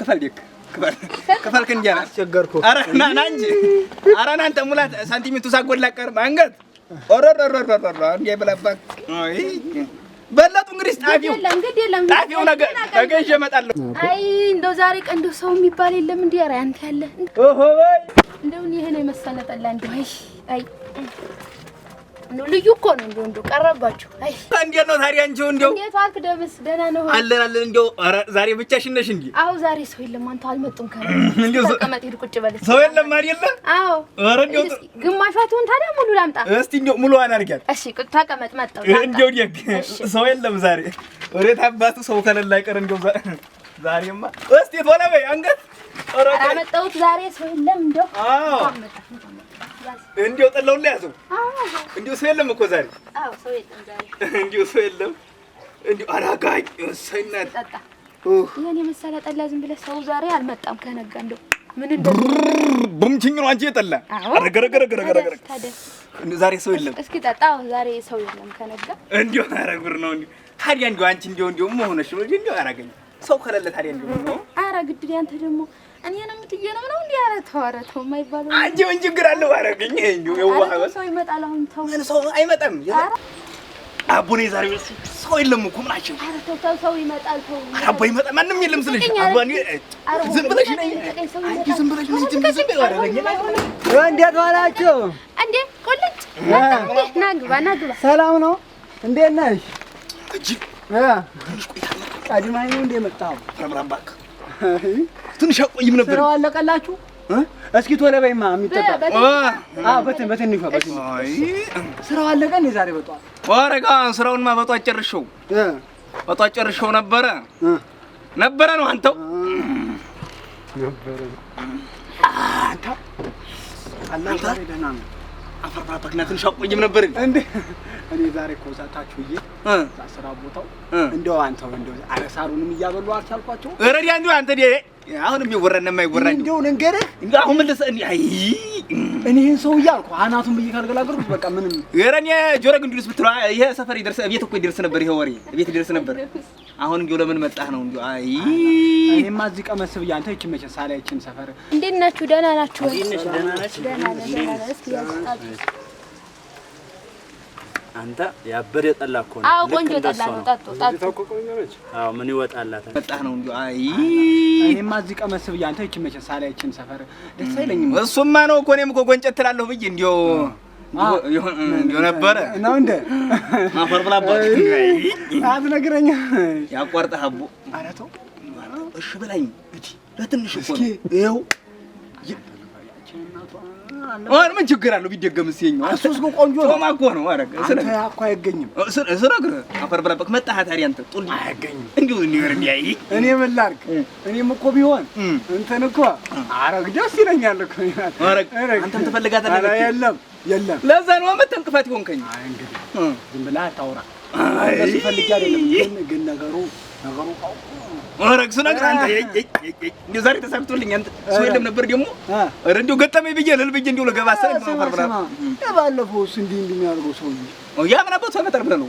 ክፈልክ ክፈልክ እንጂ አስቸገርኩህ። ኧረ ና ና እንጂ ኧረ ና አንተ ሙላት ሳንቲሚቱ ሳጎላ ቀርም አንገት በለጡ እንግዲህ ጣፊው ጣፊው ነገር ተገዥ እመጣለሁ። አይ እንደው ዛሬ ቀን እንደው ሰው የሚባል የለም። እንዴ ኧረ አንተ ያለ ኦሆ ወይ እንደው ይሄን የመሰለ ጠላ እንደው አይ አይ ልዩ እኮ ነው። እንደው እንደው ቀረባችሁ። አይ እንዴት ነው ታዲያ? አንቺው እንደው እንዴት ዋልክ? ደምስ ደህና ነው? አለን አለን። እንደው ኧረ ዛሬ ብቻሽን ነሽ እንጂ? አዎ ዛሬ ሰው የለም። አንተ አልመጡም። ተቀመጥ፣ ሂድ ቁጭ በል። ሰው የለም አይደለ? አዎ። ኧረ እንደው ግማሿቱን ታዲያ ሙሉ ላምጣ እስቲ፣ እንደው ሙሉዋን አድርጊያት። እሺ ተቀመጥ፣ መጣሁ። እንደው ደግ ሰው የለም ዛሬ። ወዴት አባቱ ሰው ከሌለ አይቀር እንደው ዛሬማ እስቲ ቶሎ በይ አንገት። ኧረ አመጣሁት ዛሬ ሰው የለም እንደው አዎ እንዲያው ጠላውን ላይ ያዘው። እንዲያው ሰው የለም እኮ ዛሬ። አዎ ሰው የለም ዛሬ። እንዲያው ሰው የለም። እንዲያው አራጋኝ እሰይና ጠጣ። የኔ መሰለ ጠላ ዝም ብለህ ሰው ዛሬ አልመጣም። ከነጋ እንደው ምን ቡምችኝ ነው አንቺ የጠላ ረገረገረገረገረገረ ዛሬ ሰው የለም። እስኪ ጠጣ። ዛሬ ሰው የለም። ከነጋ እንዲያው አረጉር ነው። እንዲያው ታዲያ እንዲያው አንቺ እንዲያው እንዲያው መሆነሽ ነው። እንዲያው አራጋኝ ሰው ከሌለ ታዲያ እንዲያው ነው ግድል ያንተ ደግሞ ነው ትየንም ነው እንዲህ ኧረ ተው ኧረ ተው የማይባለው አንቺ ምን ችግር አለው? አደረገኝ እንዲሁ ሰው ይመጣል። አሁን ተው ሰው አይመጣም። አቦኔ ዛሬ ሰው የለም እኮ ምናችን። ኧረ ተው ተው ሰው ይመጣል። ተው ኧረ አቦ ይመጣል። ማንም የለም ስልሽ አባኔ ዝም ብለሽ ነኝ አንቺ ዝም ብለሽ ነኝ ዝም ብለሽ ነኝ እንዴ ቆልጭ ና ግባ ና ግባ። ሰላም ነው? እንዴት ነሽ? እጅ ቀድማኝ ነው ረምራም ባክ ትንሽ አቆይም ነበር። ስራው አለቀላችሁ? እስኪ ቶሎ በይማ የሚጠጣ በትን በትን ስራው አለቀ። እንደ ዛሬ በጠዋት ወረጋ ስራውንማ በጠዋት ጨርሼው በጠዋት ጨርሼው ነበረ ነበረ ነው አንተው ነበረ ነው አንተ አፈር ብራባክና ትንሽ አቆይም ነበር እንዴ? እኔ ዛሬ እኮ እዛ ታች ውዬ ቦታው እንደው አንተው እንደው አረሳሩንም እያበሉ አልቻልኳቸው። እረዲ አንዱ አንተ አሁን የሚወራና የማይወራ እንደው ልንገርህ አሁን መልሰህ አይ እኔ ይህን ሰው አልኩ አናቱን ብዬ ካልገላገልኩት በቃ ምንም። ኧረ እኔ ጆሮ ግንዱልስ ብትለ ይሄ ሰፈር ይደርስ ቤት እኮ ይደርስ ነበር፣ ይሄ ወሬ ቤት ይደርስ ነበር። አሁን እንዲሁ ለምን መጣህ ነው እንዲሁ። አይ እኔማ እዚህ ቀመስ ብዬ አንተ ይቺ መቼ ሳላይችን ሰፈር። እንዴት ናችሁ? ደህና ናችሁ? ደህና ናችሁ? ደህና ናችሁ? አንተ ያበደ ጠላ እኮ ነው። አዎ ቆንጆ ጠላ ነው። ጠጡ ጠጡ። አዎ ምን ይወጣላታል? መጣህ ነው እንዴ? አይ እኔማ እዚህ ቀመስ ብዬሽ አንተ እቺ መቼ ሳላይችም ሰፈር ደስ አይለኝም። እሱማ ነው እኮ እኔም እኮ ጎንጨት ትላለሁ ብዬ እንዲያው እንዲያው ነበረ ነው እንደ ማፈር ብላ አባት ያቋርጠህ አቦ ኧረ እሺ ብላኝ እንዴ ለትንሽ እኮ ነው ይኸው ምን ችግር አለው ቢደገም? እስየኛው እሱስ ግን ቆንጆ ነው። ቶማ ነው። ኧረ አንተ እኮ አይገኝም። ስነግርህ አፈር ብለህ መጣህ ታዲያ አንተ ጡል አይገኝም። እንዲሁ እንዲወር እንዲያይ እኔ ምን ላድርግ? እኔም እኮ ቢሆን እንትን እኮ አረግ ደስ ይለኛል እኮ አረግ። አንተም ትፈልጋታለህ? ኧረ የለም የለም። ለዛ ነው የምትንቅፋት ይሆንከኝ። አይ እንግዲህ ዝም ብለህ አታውራ። እሱ ፈልጌ አይደለም ግን ነገሩ ነገሩ ወረክሱ ነገር አንተ እንደው ዛሬ ተሳክቶልኝ አንተ እሱ የለም ነበር ደግሞ ኧረ እንደው ገጠመኝ ብዬ ልል ብዬ እንደው ለገባ ሰለ ባለፈው እንዲህ እንዲህ የሚያደርገው ሰውዬ ያ አባቱ ያመጣል ብለህ ነው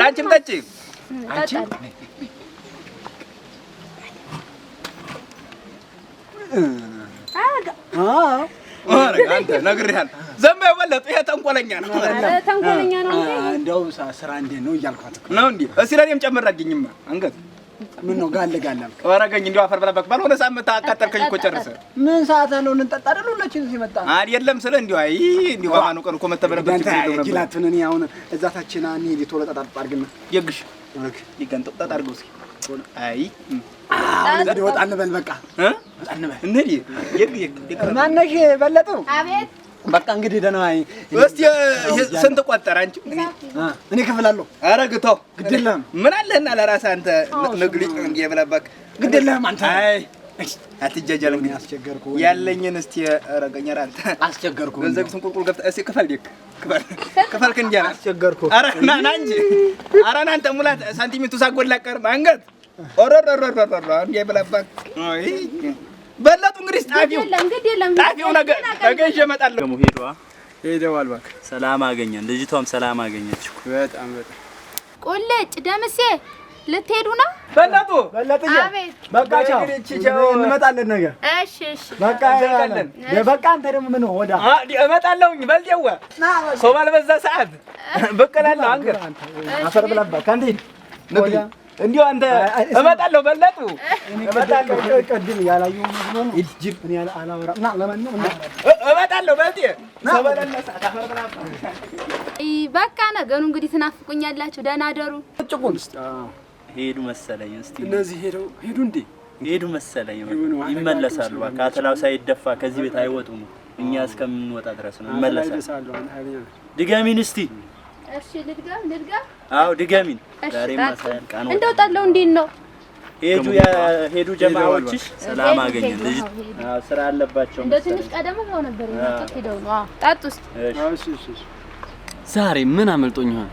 ለአንቺም ጠጪ። ነግሬሀለሁ። ዘማ የበለጠ ይሄ ተንኮለኛ ነው፣ ተንኮለኛ ነው። እንደው ስራ እንዴት ነው እያልኳት ነው። እንደ እስኪ ለእኔም ጨምር አድርጊኝማ አንገት ምን ነው ጋለ ጋለ ወረገኝ እንዲያው አፈር በላበክ ባልሆነ ሳምንት አቃጠልከኝ እኮ ጨርሰህ። ምን ሰዓት ነው እንጠጣ አይደል? ሁላችን እዚህ መጣ አይደለም ስለ እንዲያው አይ እንዲያው በማኑ ቀን እኮ መተህ ነው ይችላል ነበር ይላትን እኔ አሁን እዛታችን ታችን አንሂድ ቶሎ ጠጣ አድርግና የግሽ ወረክ ይገንጠው ጠጣ አድርገው እስኪ አይ አሁን እንግዲህ ወጣ እንበል በቃ እ ወጣ እንበል እንሂድ የግ የግ ማነሽ በለጡ አቤት በቃ እንግዲህ ደህና እስቲ ስንት ቆጠረ? አንቺ እኔ እከፍላለሁ። ኧረ ግተው ግድ የለህም። ምን አለህና ለራስህ አንተ ንግሊጭ እንዲህ የብለበክ ግድ የለህም አንተ። አይ አትጃጃል እንግዲህ አስቸገርኩህ። ያለኝን እስቲ ኧረ አንተ አስቸገርኩህ። ገንዘብህን ቁልቁል ገብተህ እስቲ ክፈል ዲክ ክፈል ክፈልክ እንጂ ኧረ ና ና እንጂ ኧረ ና አንተ ሙላት ሳንቲሚቱ ሳጎላ ቀር ማንገት ኦሮሮሮሮሮ እንዲህ የብለበክ በለጡ እንግዲህ ጣፊው ጣፊው ነገር ተገዥ እመጣለሁ። ደግሞ ሄደዋ ሄደዋል። እባክህ ሰላም አገኘን። ልጅቷም ሰላም አገኘች። በጣም በጣም ቁልጭ ደምሴ ልትሄዱ ነው? በለጡ በለጥዬ፣ በቃ ቻው፣ እንመጣለን ነገር። እሺ እሺ፣ በቃ ያለን በቃ። አንተ ደግሞ ምን ወዳ እመጣለሁኝ። በልጤዋ ሰው ባልበዛ ሰዓት ብቅ እላለሁ። አንገር አፈር ብላባ ካንተ ሂድ እንዲሁ አንተ እመጣለሁ። በለጡ ቅድም ያላየሁ እመጣለሁ። በልጤ በቃ ነገሩ እንግዲህ ትናፍቁኛላችሁ። ደህና ደሩ። ጭቁን ሄዱ መሰለኝ። እስኪ እነዚህ ሄደው ሄዱ እንዴ? ሄዱ መሰለኝ። ይመለሳሉ። ከአተላው ሳይደፋ ከዚህ ቤት አይወጡም። እኛ እስከምንወጣ ድረስ ነው። ይመለሳሉ። ድገሚን እስቲ እሺ ልድገም ልድገም። አዎ ድገሚን። ዛሬ ማሳልቃን እንደው ጣለው እንዴት ነው? ሄዱ ሄዱ ጀማዎችሽ ሰላም አገኘን። ልጅ አዎ ስራ አለባቸው። እንደ ትንሽ ቀደም ብለው ነበር የሚመጡት ሄደው ነው። አዎ ጣጥ ውስጥ እሺ እሺ። ዛሬ ምን አመልጦኝ ይሆን?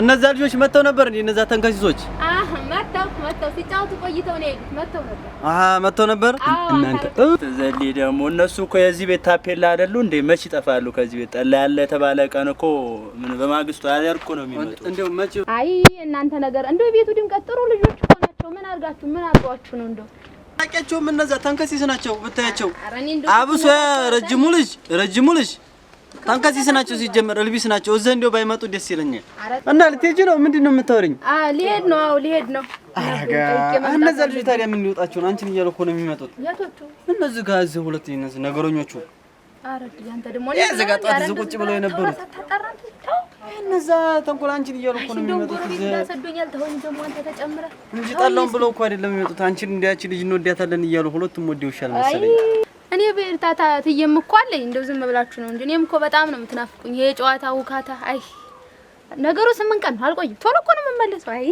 እነዛ ልጆች መተው ነበር እንዴ? እነዛ ተንከሲሶች? አህ መተው መተው ሲጫወቱ ቆይተው ነው የሄዱት። መተው ነበር። አህ መተው ነበር። እናንተ ዘሊ ደግሞ እነሱ እኮ የዚህ ቤት ታፔላ አይደሉ እንዴ? መች ይጠፋሉ ከዚህ ቤት። ጠላ ያለ የተባለ ቀን እኮ ምን በማግስቱ አያርቁ ነው የሚመጡት። እንዴ መች አይ እናንተ ነገር እንዴ! ቤቱ ድምቀት ጥሩ ልጆች እኮ ናቸው። ምን አርጋችሁ ምን አድርጓችሁ ነው እንዴ? ታውቂያቸውም? እነዛ ተንከሲስ ናቸው ብታያቸው። አብሶ ረጅሙ ልጅ ረጅሙ ልጅ አንካሲስ ናቸው ሲጀመር እልቢስ ናቸው። እዛ እንደው ባይመጡ ደስ ይለኛል። እና ልትሄጂ ነው? ምንድን ነው የምታወሪኝ? ሊሄድ ነው። አዎ ሊሄድ ነው። እነዛ ልጆች ታዲያ ምን ሊወጣቸው ነው? አንቺን እያለ እኮ ነው የሚመጡት እነዚህ ጋር እዚህ ሁለት እነዚህ ነገረኞቹ እዚህ ጋር ጠዋት እዚህ ቁጭ ብለው የነበሩት እነዛ ተንኮል አንቺን እያሉ እኮ ነው የሚመጡት እንጂ ጠላውን ብለው እኮ አይደለም የሚመጡት። አንቺን እንደ ልጅ እንወዳታለን እያሉ ሁለቱም ወደውሻል መሰለኝ እኔ በእርታታ ትየም እኮ አለኝ። እንደው ዝም ብላችሁ ነው እንጂ እኔም እኮ በጣም ነው የምትናፍቁኝ። ይሄ ጨዋታ ውካታ፣ አይ ነገሩ ስምንት ቀን አልቆይም። ቶሎ እኮ ነው የምመለሰው። አይ